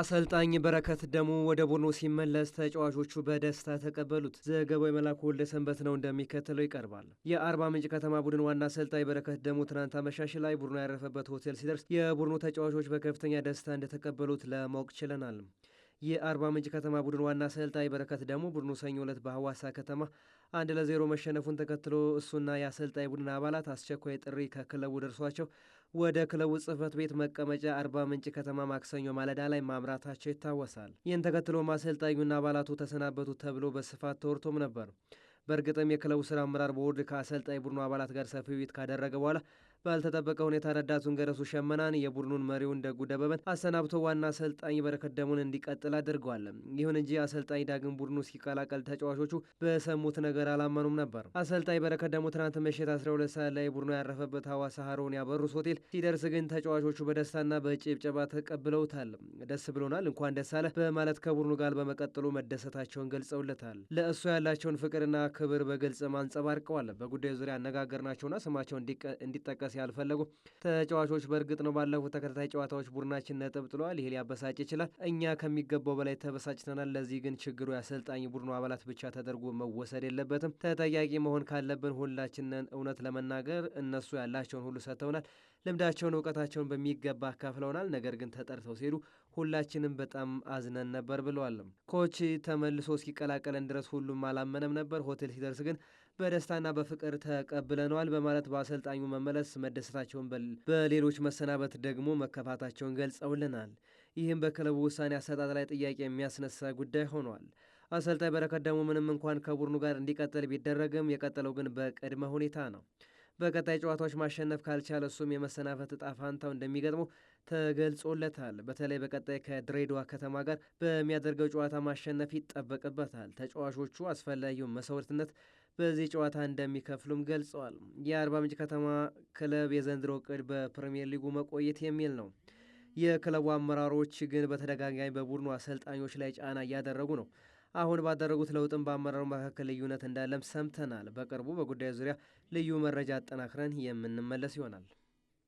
አሰልጣኝ በረከት ደሙ ወደ ቡድኑ ሲመለስ ተጫዋቾቹ በደስታ ተቀበሉት። ዘገባው የመላኩ ወልደ ሰንበት ነው፣ እንደሚከተለው ይቀርባል። የአርባ ምንጭ ከተማ ቡድን ዋና አሰልጣኝ በረከት ደሙ ትናንት አመሻሽ ላይ ቡድኑ ያረፈበት ሆቴል ሲደርስ የቡድኑ ተጫዋቾች በከፍተኛ ደስታ እንደተቀበሉት ለማወቅ ችለናል። የአርባ ምንጭ ከተማ ቡድን ዋና አሰልጣኝ በረከት ደግሞ ቡድኑ ሰኞ ዕለት በሐዋሳ ከተማ አንድ ለዜሮ መሸነፉን ተከትሎ እሱና የአሰልጣኝ ቡድን አባላት አስቸኳይ ጥሪ ከክለቡ ደርሷቸው ወደ ክለቡ ጽህፈት ቤት መቀመጫ አርባ ምንጭ ከተማ ማክሰኞ ማለዳ ላይ ማምራታቸው ይታወሳል። ይህን ተከትሎ አሰልጣኙና አባላቱ ተሰናበቱ ተብሎ በስፋት ተወርቶም ነበር። በእርግጥም የክለቡ ስራ አመራር ቦርድ ከአሰልጣኝ ቡድኑ አባላት ጋር ሰፊ ውይይት ካደረገ በኋላ ባልተጠበቀ ሁኔታ ረዳቱን ገረሱ ሸመናን የቡድኑን መሪውን ደጉ ደበበን አሰናብቶ ዋና አሰልጣኝ በረከት ደሙን እንዲቀጥል አድርገዋል። ይሁን እንጂ አሰልጣኝ ዳግም ቡድኑ ሲቀላቀል ተጫዋቾቹ በሰሙት ነገር አላመኑም ነበር። አሰልጣኝ በረከት ደሙ ትናንት ምሽት 12 ሰዓት ላይ ቡድኑ ያረፈበት ሐዋሳ ሀሮን ያበሩስ ሆቴል ሲደርስ ግን ተጫዋቾቹ በደስታና በጭብጨባ ተቀብለውታል። ደስ ብሎናል፣ እንኳን ደስ አለ በማለት ከቡድኑ ጋር በመቀጠሉ መደሰታቸውን ገልጸውለታል። ለእሱ ያላቸውን ፍቅርና ክብር በግልጽ አንጸባርቀዋል። በጉዳዩ ዙሪያ አነጋገርናቸውና ስማቸው እንዲጠቀስ እንቅስቃሴ አልፈለጉም። ተጫዋቾች በእርግጥ ነው ባለፉት ተከታታይ ጨዋታዎች ቡድናችን ነጥብ ጥሏል። ይሄ ሊያበሳጭ ይችላል። እኛ ከሚገባው በላይ ተበሳጭተናል። ለዚህ ግን ችግሩ የአሰልጣኝ ቡድኑ አባላት ብቻ ተደርጎ መወሰድ የለበትም። ተጠያቂ መሆን ካለብን ሁላችንን። እውነት ለመናገር እነሱ ያላቸውን ሁሉ ሰጥተውናል። ልምዳቸውን፣ እውቀታቸውን በሚገባ አካፍለውናል። ነገር ግን ተጠርተው ሲሄዱ ሁላችንም በጣም አዝነን ነበር ብለዋል። ኮች ተመልሶ እስኪቀላቀለን ድረስ ሁሉም አላመነም ነበር። ሆቴል ሲደርስ ግን በደስታና በፍቅር ተቀብለነዋል በማለት በአሰልጣኙ መመለስ መደሰታቸውን፣ በሌሎች መሰናበት ደግሞ መከፋታቸውን ገልጸውልናል። ይህም በክለቡ ውሳኔ አሰጣጥ ላይ ጥያቄ የሚያስነሳ ጉዳይ ሆኗል። አሰልጣኝ በረከት ደግሞ ምንም እንኳን ከቡድኑ ጋር እንዲቀጥል ቢደረግም የቀጠለው ግን በቅድመ ሁኔታ ነው። በቀጣይ ጨዋታዎች ማሸነፍ ካልቻለ እሱም የመሰናፈት እጣ ፋንታው እንደሚገጥመው ተገልጾለታል። በተለይ በቀጣይ ከድሬዳዋ ከተማ ጋር በሚያደርገው ጨዋታ ማሸነፍ ይጠበቅበታል። ተጫዋቾቹ አስፈላጊውን መስዋዕትነት በዚህ ጨዋታ እንደሚከፍሉም ገልጸዋል። የአርባ ምንጭ ከተማ ክለብ የዘንድሮ እቅድ በፕሪምየር ሊጉ መቆየት የሚል ነው። የክለቡ አመራሮች ግን በተደጋጋሚ በቡድኑ አሰልጣኞች ላይ ጫና እያደረጉ ነው። አሁን ባደረጉት ለውጥም በአመራሩ መካከል ልዩነት እንዳለም ሰምተናል። በቅርቡ በጉዳዩ ዙሪያ ልዩ መረጃ አጠናክረን የምንመለስ ይሆናል።